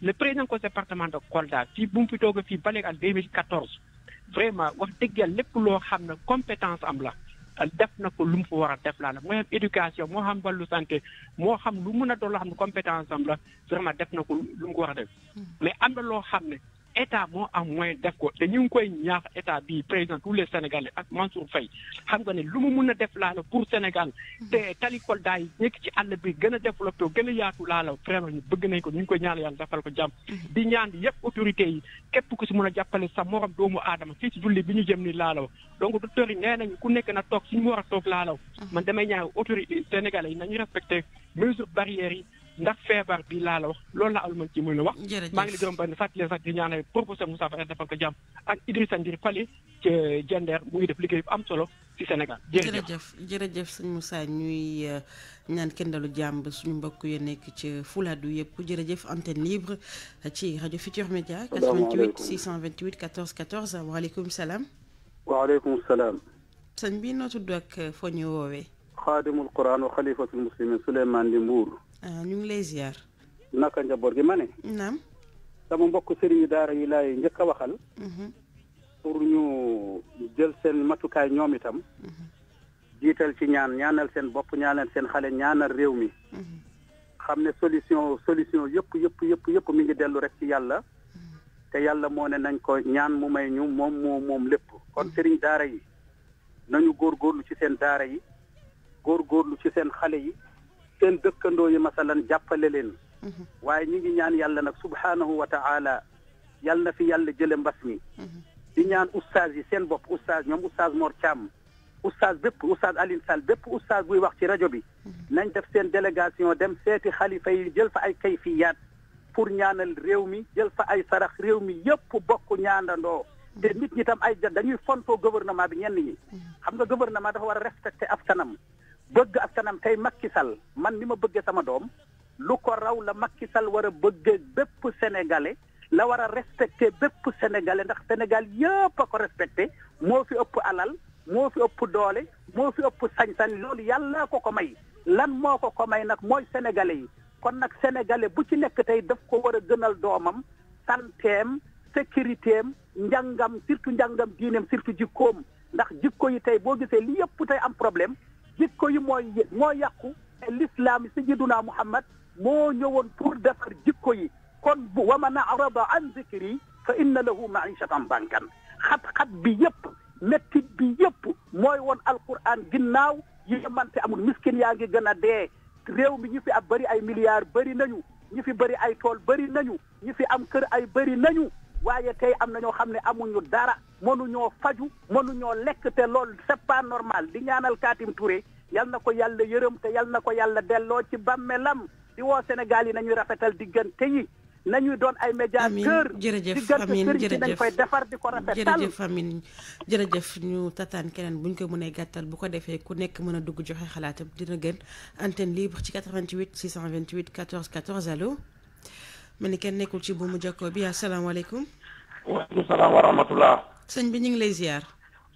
le président conseil département de Kolda fi bu mu fi toog fii ba léegi 2014 vraiment wax dëgg yàlla lépp loo xam ne compétence am la def na ko lu mu fa war a def laa la moo éducation moo xam wàllu santé moo xam lu mun a doon loo xam ne compétence am la vraiment def na ko lu mu ko war a def hmm. mais am na loo xam ne état moo am moyen def ko te ñu ngi koy ñaax état bi président tous les sénégalais ak Mansour Faye xam nga ne lu mu mun a def laala pour Sénégal mhm. te tali Kolda yi nekk ci àll bi gën a développé gën a yaatu laala vraiment ñu bëgg nañ ko ñu koy ñaan yàlla defal ko jàmm mhm. di ñaan yëpp autorités yi képp ku si mun a jàppale sa morom doomu aadama fii si julli bi ñu jëm ni laalaw donc docteur yi nee nañu ku nekk na toog ñu war a toog laalaw mhm. man damay ñaan autorité sénégalais yi nañu respecté mesures barrières yi ndax feebar bi laa la wax loolu la alumal ci muy la wax maa ngi la gërëm benn fàttali sax di ñaanal proposé Moussa Faye defal ko jàmm ak Idrissa Ndir Fale ci Diender muy def liggéey bu am solo ci Sénégal jërëjëf jërëjëf sëñ Moussa ñuy euh, ñaan kendalu jàmm suñu mbokk yu nekk ci Fuladu yëpp jërëjëf antenne libre ci rajo Future Media 88 628 14 14 waaleykum salaam waaleykum salaam sëñ bi noo tudd ak euh, foo ñu woowee xaadimul quran wa Khalifatul muslimin Souleymane Di Mbour Ah, ñu ngi naka njaboot gi ma ne. naam. sama mbokk sëriñu daara yi laay njëkk a waxal. Mhm. pour ñu jël seen matukaay ñoom itam. Mhm. jiital ci ñaan ñaanal seen bopp ñaanal seen xale ñaanal réew mi. Mhm. xam ne solution solution yëpp yëpp yëpp yëpp mi ngi dellu rek ci yàlla. te yàlla moo ne nañ ko ñaan mu may ñu moom moo moom lépp kon sëriñ daara yi nañu góor góorlu ci seen daara yi góorgóorlu ci seen xale yi seen dëkkandoo yi masalan jàppale leen waaye ñu ngi ñaan yàlla nag subhanahu wa taala yàlla na fi yàlla jële mbas mi di ñaan oustaz yi seen bopp oustaz ñoom oustaz Mor Thiam oustaz bépp oustaz aline Sall bépp oustaz buy wax ci rajo bi nañ def seen délégation dem seeti xalifa yi jël fa ay kayfiyaat pour ñaanal réew mi jël fa ay sarax réew mi yëpp bokk ñaandandoo te nit ñi tam ay dañuy fontoo gouvernement bi ñenn ñi xam nga gouvernement dafa war a respecté askanam bëgg askanam tey Macky Sall man ni ma bëggee sama doom lu ko raw la Macky Sall war a bëggee bépp sénégalais la war a respecté bépp sénégalais ndax Sénégal yëpp a ko respecté moo fi ëpp alal moo fi ëpp doole moo fi ëpp sañ-sañ loolu yàlla ko ko may lan moo ko ko may nag mooy sénégalais yi kon nag sénégalais bu ci nekk tey daf ko war a gënal doomam santeem sécurité am njàngam surtout njàngam diineem surtout jikkoom ndax jikko yi tey boo gisee li yëpp tey am problème jikko yi moy moo yakku l'islam sayyiduna muhammad mo ñewon pour defar jikko yi kon bu wa man arada an zikri fa inna lahu maishatan bankan khat khat bi yep metti bi yep moy won alquran ginnaw yi yéemante amul miskin yaa ngi gën a dee réew mi ñu fi ab bari ay milliards bari nañu ñu fi bari ay tol bari nañu ñu fi am kër ay bari nañu waaye tey am na ñoo xam ne amuñu dara mënuñoo faju mënuñoo lekk te loolu c'est pas normal di ñaanal Kaatim Touré yal na ko yàlla yërëm te yal na ko yàlla delloo ci bàmmeelam di woo Sénégal yi nañuy rafetal diggante yi nañuy doon ay médiateur jërëjëf amiin jërëjëf dañ koy defar di ko rafetal jërëjëf amiin jërëjëf ñu tataan keneen buñ ko mënee gàttal bu ko defee ku nekk mën a dugg joxe xalaatam dina gën antenne libre ci 88 628 14 14 allo ma ni kenn nekkul ci buumu jokkoo bi asalaamaaleykum. waaleykum salaam wa rahmatulah. sëñ bi ñu ngi lay ziar.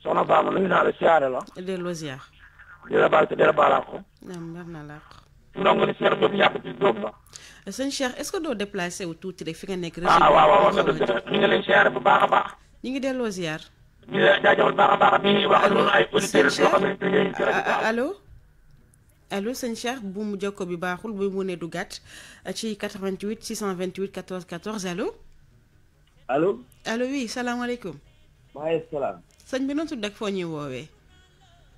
soxna Ba ma nuyu naa la siyaare la. delloo ziar. di la baal te de la baalaat ko. naam nar naa laaq. ndongo ni Cheikh Diop yàgg la. sëñ Cheikh est-ce que doo déplacé wu tuuti rek fi nga nekk. Ah, réseau bu baax a baax. ñu ngi delloo ziar. ñu ngi baax bi ñuy wax. ay auditeurs yoo xam ne ñu ngi ci rajo alo sëñ Cheikh bu mu jokko bi baaxul bu mu ne du gàtt ci 88 628 14 14 allo. allo. allo oui salaamaaleykum. maaleykum salaam. sëñ bi noonu tudd ak foo ñuy woowee.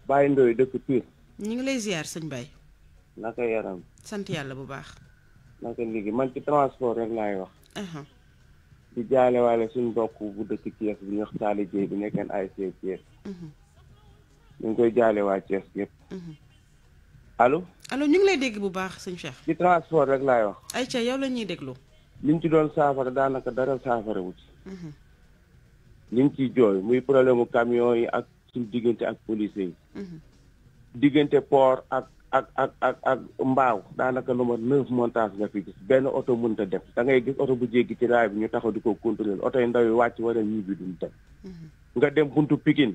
Baye Ndoye dëkk Pire. ñu ngi lay ziar sëñ Baye. naka yaram. sant yàlla bu baax. naka liggéey man ci transport rek laay wax. di jaalewaale suñu mbokk bu dëkk Thiès bu ñuy wax Talla Dieye bi nekkeen ASC Thiès. Mhm. ñu ngi koy jaale waa Thiès allo. allo ñu ngi lay dégg bu baax sëñ Cheikh. ci transport rek laay wax. ayca yow la ñuy déglu. liñ ci doon saafara daanaka dara saafara wu ci. Mhm. liñ ciy jooy muy problème mu camion yi ak suñu diggante ak police yi. Mhm. diggante port ak ak ak ak ak mbaaw daanaka lu ma neuf montage nga fi gis benn oto mënta a dem da ngay gis oto bu jéggi ci raay bi ñu taxaw di ko contrôler oto yi ndaw yi wàcc war a ñibbi duñ dem. Mhm. nga dem buntu Pikine.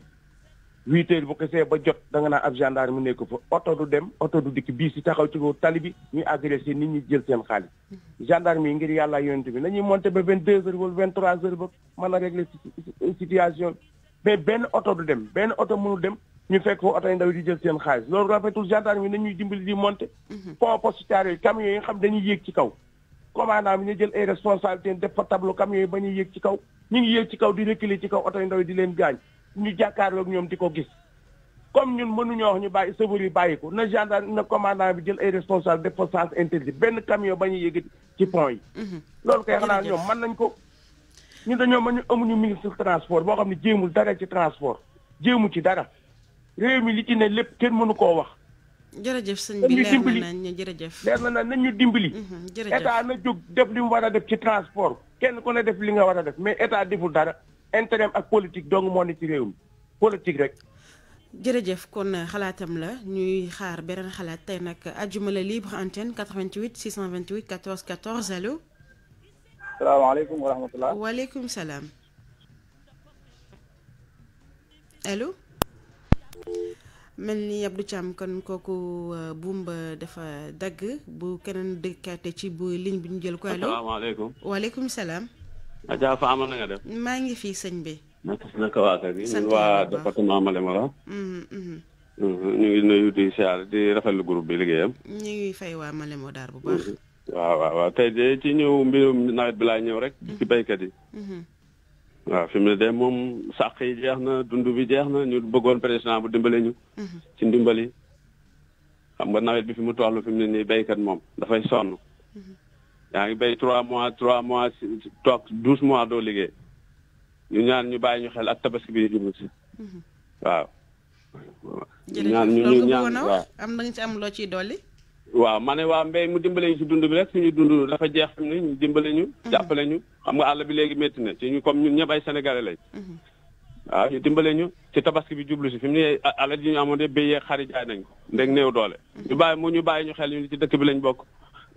huit heures bu kesee ba jot da naa naan ab gendarme mu nekk fa oto du dem oto du dikk bii si taxaw ci kaw tali bi ñuy agressé nit ñi jël seen xaalis gendarme yi ngir yàlla yonent bi nañuy monté ba vingt deux heures wala vingt trois heures ba mën a régler situation mais benn oto du dem benn oto mënul dem ñu fekk fa oto yi ndaw di jël seen xaalis loolu rafetul gendarme yi nañuy dimbali di monté pont poste Thiaroye yi camions yi nga xam dañuy yéeg ci kaw commandant bi ñu jël ay responsabilité def fa tableau ba ñuy yéeg ci kaw ñu ngi yéeg ci kaw di reculer ci kaw oto ndaw di leen gaañ ñu jàkkaarloog ñoom di ko gis comme ñun mënuñoo wax ñu bàyyi sëfër yi bàyyi ko na gendarme na commandant bi jël ay responsable def ko sens interdit benn camion ba ñuy yëgati ci pont yi. Mhm. loolu kay xanaa ñoom man nañ ko. ñun dañoo mën amuñu ministre transport boo xam ne jéemul dara ci transport jéemu ci dara réew mi li ci ne lépp kenn mënu koo wax. jërëjëf sëñ bi leer na nañ jërëjëf leer na nañ ñu dimbali. Mhm, état na jóg def li mu war a def ci transport kenn ku ne def li nga war a def mais état deful dara. intérêt ak politique dong moo ne ci réew mi politique rek. jërëjëf kon xalaatam la ñuy xaar beneen xalaat tey nag àjjuma la libre antenne 88 628 14 14 allo. salaamaaleykum wa rahmatulah. salaam. allo. mel ni Abdou Thiam kon kooku euh, buumba dafa dagg bu keneen dëkkaate ci bu ligne bi ñu jël ko allo. salaamaaleykum salaam. Adja Fama na nga def. maa ngi fii sëñ bi. naka waa kër gi ñun waa département Malem mm-hmm, mm-hmm. Mm-hmm. di siyaar di rafetlu bi liggéeyam. ñu ngi fay waa Malem daar bu baax. waaw waaw waaw tey de ci ñëw mbirum nawet bi laa ñëw rek. ci baykat yi. waaw fi mu ne de moom sàq yi jeex na dund bi jeex na ñu bëggoon président bu dimbale ñu. ci ndimbali xam nga nawet bi fi mu toll fi mu ne nii baykat moom dafay sonn. yaa ngi bay trois mois trois mois toog douze mois doo liggéey ñu ñaan ñu bàyyi ñu xel ak tabaski bi ñu si mhm. waaw. ñaan ñu ñu ñaan waaw am na ci am ciy dolli. waaw ma ne waa mbéy mu dimbale ñu si dund bi rek suñu dund dafa jeex xam dimbale ñu. Mhm. jàppale ñu xam nga àll bi léegi métti na ci ñu comme ñun ñëpp ay sénégalais lañ. Mhm. ñu dimbale ñu ci tabaski bi jublu si fi mu ne alal ji ñu amoon de béyee xari nañ ko ndeg néew doole. ñu bàyyi mu ñu bàyyi ñu xel ñu ci dëkk bi lañ bokk.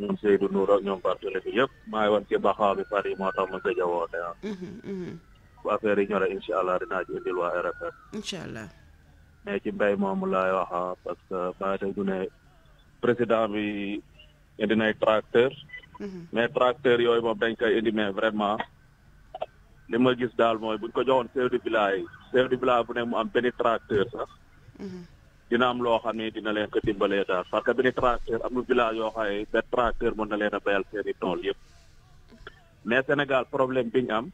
ñoom Seydou Nour ak ñoom partenaire yëpp maa ngi woon ci baxaw bi Paris moo tax a woote ah. Mhm, mhm. yi ñoree incha allah dinaa ci indil waa RFM. incha allah. waxa ah, parce que maa ngi ne président bi indi nay tracteur. Mhm. mais tracteur yooyu moom dañ koy indi mais vraiment li ma gis daal mooy buñ ko joxoon chef de village chef de bu ne mu am benn tracteur sax. dina am loo xam ne dina leen ko dimbalee daal parce que bi ni tracteur amul village yoo xam ne benn tracteur mën na leen a bayal seen i tool yëpp mais Sénégal problème bi ñu am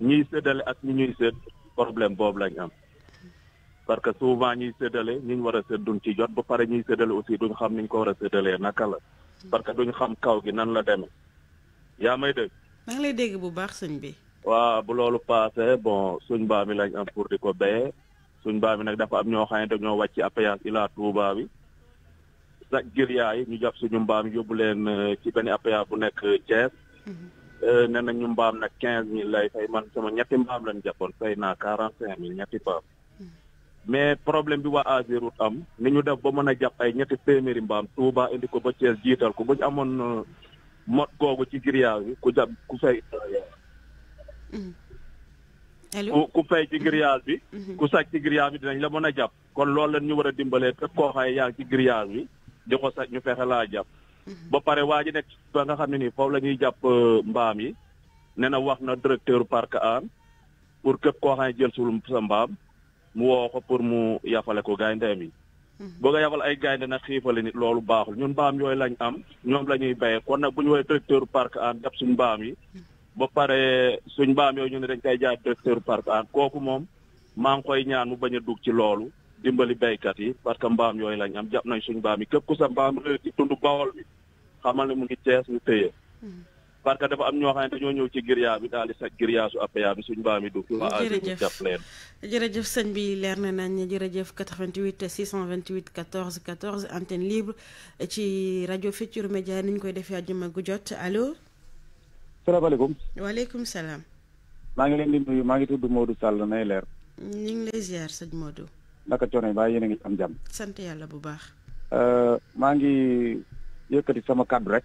ñiy séddale ak ñi ñuy sédd problème boobu lañ am parce que souvent ñuy séddale ñi ñu war a sédd duñ ci jot ba pare ñuy séddale aussi duñ xam ni ñu ko war a séddalee naka la parce que duñ xam kaw gi nan la demee yaa may dégg. ma ngi lay dégg bu baax sëñ bi. waaw bu loolu passé bon suñ baa mi lañ am pour di ko bayee suñ baabi bi nag dafa am ñoo xam ne dañoo wàcc appayage ila Touba bi sa giriyaa yi ñu jàpp suñu mbaam yóbbu leen euh, ci benn appayage bu nekk Thiès mhm. euh, nee na ñu mbaam nag quinze mille lay fay man sama ñetti mbaam lañ jàppoon fay naa quarante cinq mille ñetti mbaam mhm. mais problème bi waa Azerut am ni ñu def ba mën a jàpp ay ñetti téeméeri mbaam Touba indi ko ba Thiès jiital ko bu ñu amoon euh, mot googu ci giriyaa bi ku jàpp ku fay mhm. ku ku fay ci grillage bi. Mhm. ku sàcc ci grillage bi dinañ la moon a jàpp. kon loolu la ñu war a dimbalee képp koo xay yaa ngi ci grillage bi di ko sàcc ñu fexe laa jàpp. Mhm. ba pare waa ji nekk ba nga xam ne nii foofu lañuy ñuy jàpp euh, mbaam yi nee na wax na directeur parc an pour képp koo xam ne sa mbaam mu woo ko pour mu yafale ko gayndeem mhm. yi. bëgg a yafal ay gaynde nag xiifale nit loolu baaxul ñun mbaam yooyu lañ am ñoom la ñuy béyee kon nag bu ñu woowee directeur parc an jàpp suñu mbaam yi. ba pare suñ mbaam yooyu ñu ne dañ koy jaay directeur parc an kooku moom maa ngi koy ñaan mu bañ a dugg ci loolu dimbali béykat yi parce que mbaam yooyu lañ am jàpp nañ suñ mbaam yi képp ku sa mbaam réer ci tund bawol bi xamal ne mu ngi tees ñu téye hmm. parce que dafa am ñoo xam ne dañoo ñëw ci giryaa bi daal di sa giryaa su appeya bi suñ mbaam yi dugg jërëjëf leen jërëjëf sëñ bi leer na nañ jërëjëf 88 628 14 14 antenne libre ci rajo Futurs Médias ni ñu koy defee àjjuma gu jot allo salaamaaleykum. waaleykum salaam. maa ngi leen di nuyu maa ngi tudd Modou Sall nay leer. ñu ngi lay ziar sëñ Modou. naka coono yi baax yéen a ngi am jàmm. sant yàlla bu baax. Euh, maa ngi yëkkati sama kàddu rek.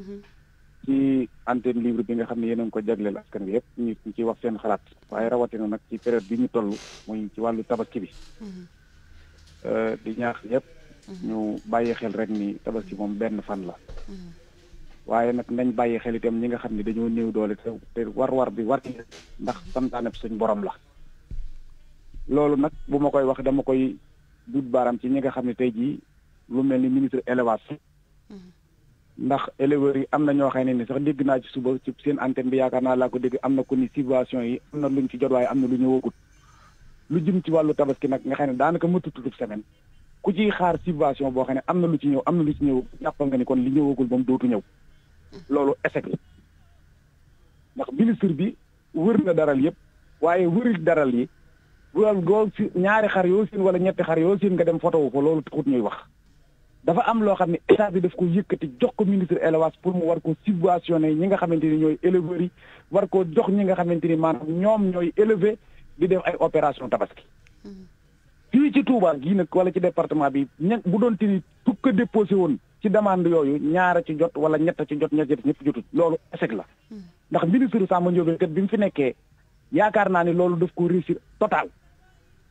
Mhm. ci antenne libre bi nga xam ne yéen a ngi ko jagleel askan wi yëpp ñu ci wax seen xalaat waaye rawatina nag ci période bi ñu toll muy ci wàllu tabaski bi. Mhm. Euh, di ñaax yëpp. Mhm. ñu bàyyi xel rek ni tabaski moom benn fan la. waaye nag nañ bàyyi xel itam ñi nga xam ne dañoo néew doole te te war-war bi war ndax santaaneb suñ borom la. loolu nag bu ma koy wax dama koy dut baaram ci ñi nga xam ne tey jii lu mel ni ministre élevage. Mm-hmm. ndax éleveurs yi am na ñoo xam ne ni sax dégg naa ci suba ci seen antenne bi yaakaar naa laa ko dégg am na ko ni situation yi am na luñ ci jot waaye am na lu ñu wëggut lu jëm ci wàllu tabaski nag nga xam ne daanaka mëtututub semaine ku ciy xaar situation boo xam ne am na lu ci ñëw am na lu ci ñëw jàppal nga kon li ñëwagul moom dootu ñëw. loolu échec ndax ministre bi wër na daral yëpp waaye wëril daral yi loolu goo si ñaari xar yoo siin wala ñetti xar yoo siin nga dem photo wu fa loolu taxut ñuy wax dafa am loo xam ne état bi daf ko yëkkati jox ko ministre élevage pour mu war ko subventionné ñi nga xamante ni ñooy éleveurs yi war ko jox ñi nga xamante ni maanaam ñoom ñooy élevé di def ay opération tabaski hmm. fii ci Touba gii nag wala ci département bi ña bu doon tini tukka déposé woon ci demande yooyu ñaara ci jot wala ñett ci jot ñett ñëpp jotut loolu échec la ndax ministre Samba Ndiobène kat bi mu fi nekkee yaakaar naa ne loolu daf ko réussir total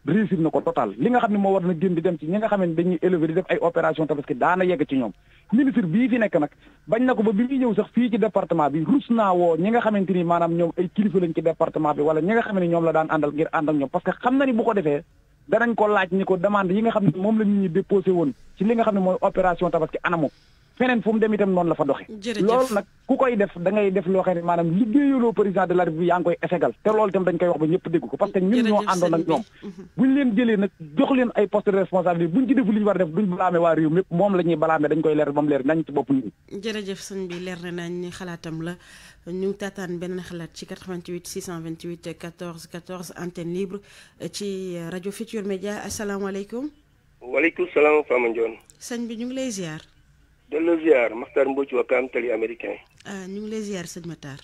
réussir na ko total li nga xam ne moo war na génn di dem ci ñi nga xam ne dañuy élever di def ay opération tabaski daana yegg ci ñoom ministre bii fi nekk nag bañ na ko ba bi muy ñëw sax fii ci département bi rus naa woo ñi nga xamante ni maanaam ñoom ay kilifa lañ ci département bi wala danañ ko laaj ni ko demande yi nga xam ne moom la nit ñi déposé woon ci li nga xam ne mooy opération tabaski anamu feneen fu mu dem itam noonu la fa doxe loolu nag ku koy def da ngay def loo xam ne maanaam liggéeyaloo président de la république yaa ngi koy ésegal te loolu itam dañ koy wax ba ñëpp dégg ko parce que ñun ñoo àndoon ak ñoom mhm. buñ leen jëlee nag jox leen ay poste de responsabilité buñ ci defu li ñu war def duñ balaame waa réew moom la balaame dañ koy leer ba mu leer nañ ci bopp nit ñi leer na nañ ni xalaatam la ñu taataan beneen xalaat ci 88 628 14 14 antenne libre ci rajo Futur Média asalaamaaleykum waaleykum salaam Fama Ndione sëñ bi ñu ngi lay ziar delloo ziar Makhtar Mbodj waa Kaam Tali américain. ah ñu ngi lay ziar sëñ Makhtar.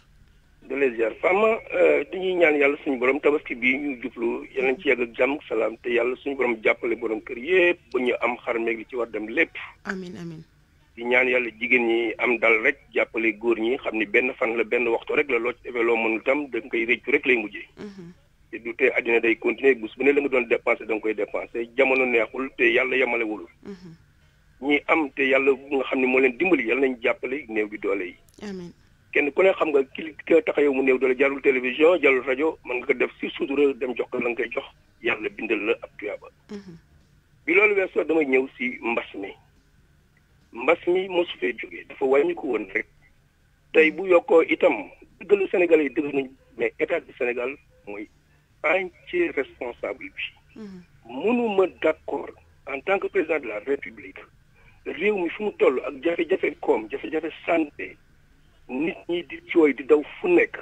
delloo ziar Fama euh, dañuy ñaan yàlla suñu borom tabaski bii ñu jublu yal ci yàgg ak jàmm salaam te yàlla suñu borom jàppale boroom kër yépp ba ñu am xar meeg li ci war dem lépp. amin amin di ñaan yàlla jigéen ñi am dal rek jàppale góor ñi xam ni benn fan la benn waxtu rek la loo ci defee loo mënul tam da koy réccu rek lay mujjee. Mhm. te du tee àddina day continuer bés bu ne la nga doon dépensé da nga koy dépensé jamono neexul te yàlla yemalewul mhm. ñi am te yàlla bu nga xam ne moo leen dimbali yàlla nañ jàppale néew bi doole yi. amiin kenn ku ne xam nga ki taxaw yow mu néew doole jarul télévision jarul rajo mën nga ko def si sutura dem jox ko la ngay jox yàlla bindal la ab tuyaaba. Mhm. bi loolu weesoo dama ñëw si mbas mi. mbas mi mosu fee jógee dafa wàññi ko woon rek. tey bu yokkoo itam dëggalu Sénégal yi dëgg nañ mais état du Sénégal mooy entier responsable bi. Mhm. mënuma d'accord en tant que président de la République. réew mi fu mu toll ak jafe-jafe koom jafe-jafe santé nit ñi di cooy di daw fu nekk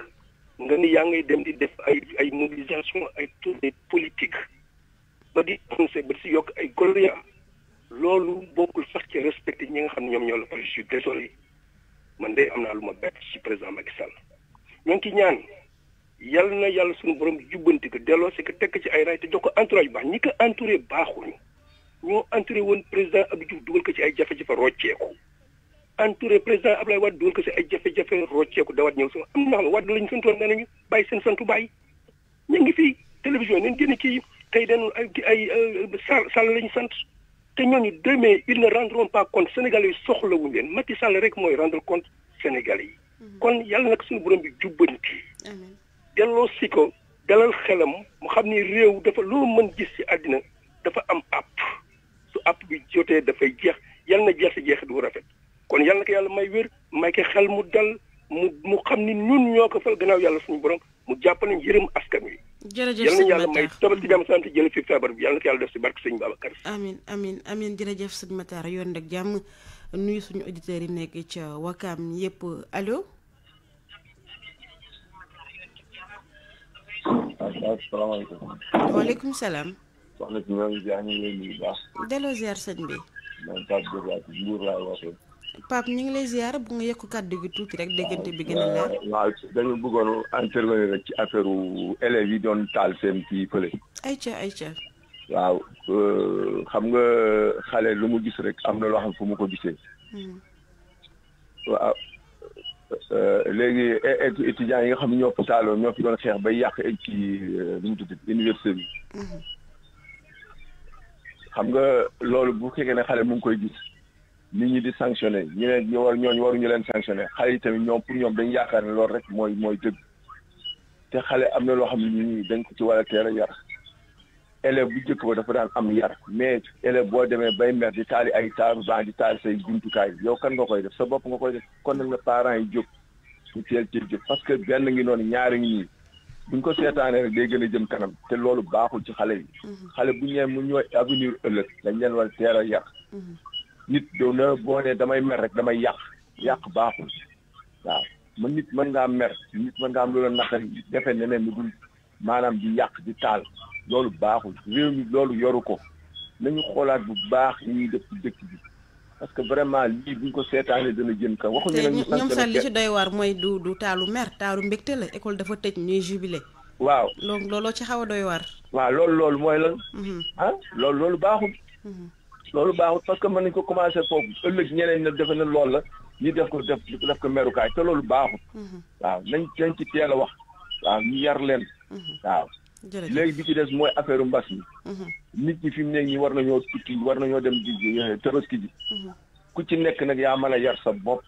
nga ni yaa ngay dem di def ay ay mobilisation ay tournée politique ba di annoncé ba si yokk ay gloria loolu bokkul sax ci respecté ñi nga xam ne ñoom ñoo la fa je désolé man de am naa lu ma bett si président Macky Sall ñu ngi ñaan yàlla na yàlla suñu borom jubbanti ko delloo si ko teg ci ay raay te jox ko entourage baax ñi ko entouré baaxuñu ñoo entouré woon président Abdou Diouf dugal ko ci ay jafe-jafe rocceeku entouré président Abdoulaye Wade dugal ko ci ay jafe-jafe rocceeku dawat ñëw sax am na xam ne Wade lañu santoon nee nañu bàyyi seen santu bàyyi ñu ngi fii télévision nañ génn kii tey dañu ay ay euh, Sall Sall lañu sant te ñooñu demee ils ne rendront pas compte sénégal yi soxlawuñu leen Macky Sall rek mooy rendre compte sénégal yi. Mhm. kon yàlla nag suñu borom bi jubbanti. delloo si ko dalal xelam mu xam ni réew dafa loo mën gis ci àddina dafa am àpp. app bi jotee dafay jeex yal na jeex si jeex du rafet kon yal na ko yàlla may wér may ko xel mu dal mu mu xam ni ñun ñoo ko fal gannaaw yàlla suñu borom mu jàppale yërëm askan wi. jërëjëf sëñ yàlla may tabal ci jàmm sant jële fi feebar bi yàlla ko yàlla def si barke sëñ Babacar. amin amiin amiin jërëjëf sëñ Matar yoon nag jàmm nuyu suñu auditeurs yi nekk ca wakam yépp allo. waaleykum salaam. soxna si ñoo ngi ziar ñu baax. delloo ziar sëñ bi. man laa tudd Mbour ñu ngi lay ziar bu nga yekk kàddu gi tuuti rek déggante bi gën a leer. waaw dañu bëggoon intervenir rek ci affaire élèves yi doon taal seen fii fële. ayca ayca. waaw xam nga xale lu mu gis rek am na loo xam fu mu ko gisee. Hmm. waaw eh, léegi étudiants yi nga xam ñoo fi taaloo ñoo fi doon xeex bay yàq ci eh, nu mu tudd université bi. Hmm. xam nga loolu bu fekkee ne xale mu ngi koy gis nit ñi di sanctionné ñu leen ñu war ñu leen sanctionné xale yi tamit ñoom pour ñoom dañu yaakaar ne loolu rek mooy mooy dëgg te xale am na loo xam ne ñun dañ ko ci war a teel a yar élève bu njëkk ba dafa daan am yar mais élève boo demee bay mer di taali ay taaru ban di taali say jumtukaay yow kan nga koy def sa bopp nga koy def kon nag na parent yi jóg ñu teel cee jóg parce que benn ngi noonu ñaari ngi bu buñ ko seetaanee rek day gën a jëm kanam te loolu baaxul ci xale yi. Mhm. xale bu ñeen mu ñooy avenir ëllëg dañ leen war teel a yàq. Mhm. nit doo na boo nee damay mer rek damay yàq yàq baaxul waaw man nit mën ngaa mer nit mën ngaa am loola naqari defe neneen ni dul maanaam di yàq di taal loolu baaxul réew mi loolu yoru ko nañu xoolaat bu baax ñu def dëkk bi. parce que vraiment lii buñ ko seetaanee dana jëm kaw waxuñu nag. ñu sant ñoom sax li ci doy waar mooy du du taalu mer taalu mbégte la école dafa tëj ñuy jubilé. waaw loolu looloo ci xaw a doy waar. waaw loolu loolu mooy lan. Mm-hmm. Ah, loolu loolu mm-hmm. loolu baaxul parce que mën nañ ko commencé foofu ëllëg ñeneen nag defe na loolu la ñu def ko def def ko merukaay te loolu baaxul. Mm-hmm. waaw nañ nañ ci teel a wax. waaw ñu yar waaw léegi bi ci des mooy affaire mbas mi. Mhm. nit ñi fi mu nekk ñi war nañoo tukki war nañoo dem di eh, tabaski ji. Mhm. ku ci nekk nag yaa mën a yar sa bopp.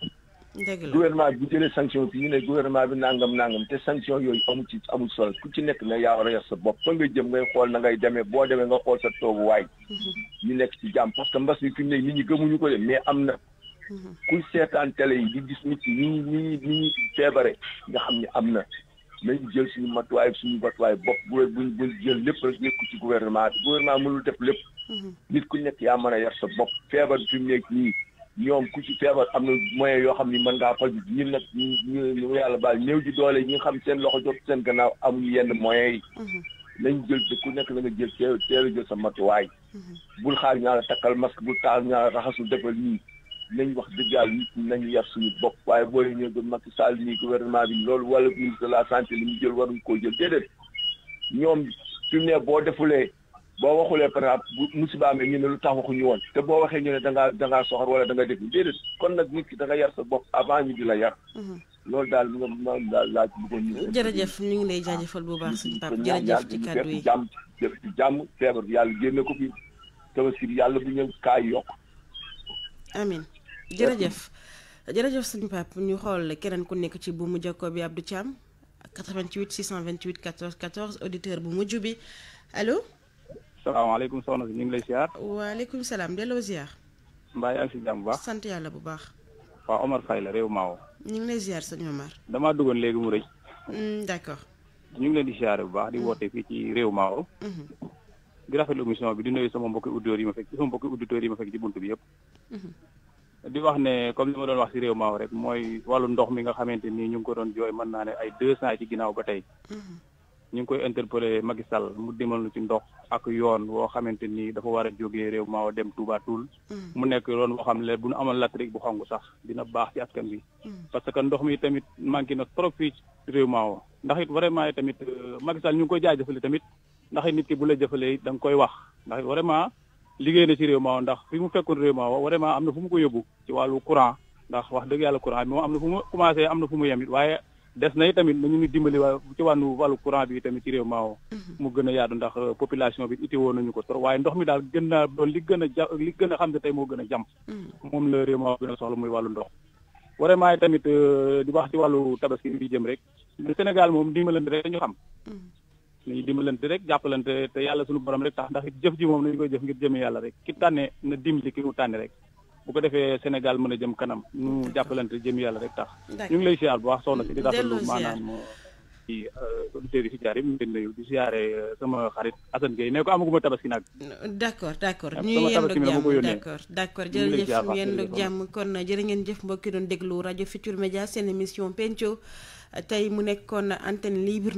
gouvernement bi jëlee sanction fii ñu ne gouvernement bi nangam nangam te sanction yooyu amu ci amul solo ku ci nekk nag yaa war a yar sa bopp fa nga jëm ngay xool na ngay demee boo demee nga xool sa tooguwaay. Mhm. ñu nekk ci jàmm parce que mbas mi fi mu nekk nit ñi gëmuñu ko de mais am na. ku seetaan télé yi di gis nit ñi ni ñi ni ñuy feebare nga xam ni am na. nañ jël suñu matuwaay suñu matuwaay bopp bu buñ buñ jël lépp rek nekku ci gouvernement gouvernement mënul def lépp mhm. nit ku nekk yaa mën a yar sa bopp feebar bi fi mu nekk nii ñoom ku ci feebar am na moyen yoo xam ni mën ngaa faju ñu nag ñu yàlla baal néew ji doole ñi xam seen loxo jot seen gannaaw amuñu yenn moyen yi mhm. nañ jël ku nekk da nga jël teel a jël sa matuwaay mhm. bul xaar ñaa la takkal masque bul taal ñaa raxasul defal nii nañu wax dëgg yàlla nit ñi nañu yar suñu bopp waaye booy ñëw ba Macky Sall nii gouvernement bi loolu wala ministre de la santé li mu jël war waruñ koo jël déedéet ñoom fi mu ne boo defulee boo waxulee par exemple bu musiba amee ñu ne lu tax waxuñu woon te boo waxee ñu ne da ngaa da ngaa soxor wala da nga déglu déedéet kon nag nit ki da nga yar sa bopp avant ñu di la yar. Mhm. loolu daal lu nga maanaam daal laaj bu ko ñu. jërëjëf ñu ngi lay jaajëfal bu baax suñu Pape jërëjëf jàmm def ci jàmm feebar yàlla génne ko fi tabaski yàlla bu ñëw kaay yokk jërëjëf jërëjëf sëñ Pape ñu xool keneen ku nekk ci bu mu jokkoo bi Abdou Thiam vingt 628 14 14 auditeur bu mujj bi allo. salaamaaleykum soxna si ñu ngi lay ziar. waaleykum salaam delloo ziar. mbaa yaa ngi si jàmm bu baax. sant yàlla bu baax. waaw Omar Faye la réew Maawo. ñu ngi lay ziar sëñ Omar. damaa duggoon léegi mu rëy. Mm, d'accord. ñu ngi leen di ziare bu baax di mm. woote fii ci réew Maawo. Mm-hmm. di rafetlu émission bi du nuyu sama mbokki yi ma fekk yi ma fekk ci di wax ne comme li ma doon wax ci réew maaw rek mooy wàllu ndox mi nga xamante nii ñu ngi ko doon jooy mën naa ne ay deux cent ci ginnaaw ba tey mm-hmm. ñu ngi koy interpellé Macky Sall mu demal nu ci ndox ak yoon woo xamante ni dafa war a jógee réew maaw dem Touba Toul mm-hmm. mu nekk yoon woo xam ne bu ñu amoon latrik bu xongu sax dina baax ci askan bi mm-hmm. parce que ndox mi tamit manqué na trop fii réew maaw ndax it vraiment tamit euh, Macky Sall ñu ngi koy jaajëfale tamit ndax nit ki bu la jëfalee da nga koy wax ndax vraiment liggéey na ci réew ma ndax fi mu fekkoon réew ma vraiment am na fu mu ko yóbbu ci wàllu courant ndax wax dëgg yàlla courant bi moom am na fu mu commencé am na fu mu yem waaye des na tamit nañu ñu dimbali waaye ci wàllu wàllu courant bi tamit ci réew ma mhm. mu gën a yaatu ndax euh, population bi itti nañu ko trop waaye ndox mi daal gën naa doon li gën a ja li gën a xam ne tey moo gën a jàmm mhm. moom la réew ma gën a soxla muy wàllu ndox vraiment tamit euh, di wax ci wàllu tabaski bi jëm rek Sénégal moom dimbalante rek ñu xam mhm. nañu dimbalante rek jàppalante te yàlla suñu borom rek tax ndax jëf ji moom nañu koy jëf ngir jëmee yàlla rek ki tànne na dimbali ki mu tànne rek bu ko defee Sénégal mën a jëm d' accord d' accord ñu kon jërë ngeen jëf mbokki doon déglu rajo Futur Média seen émission penco tey mu nekkoon antenne libre.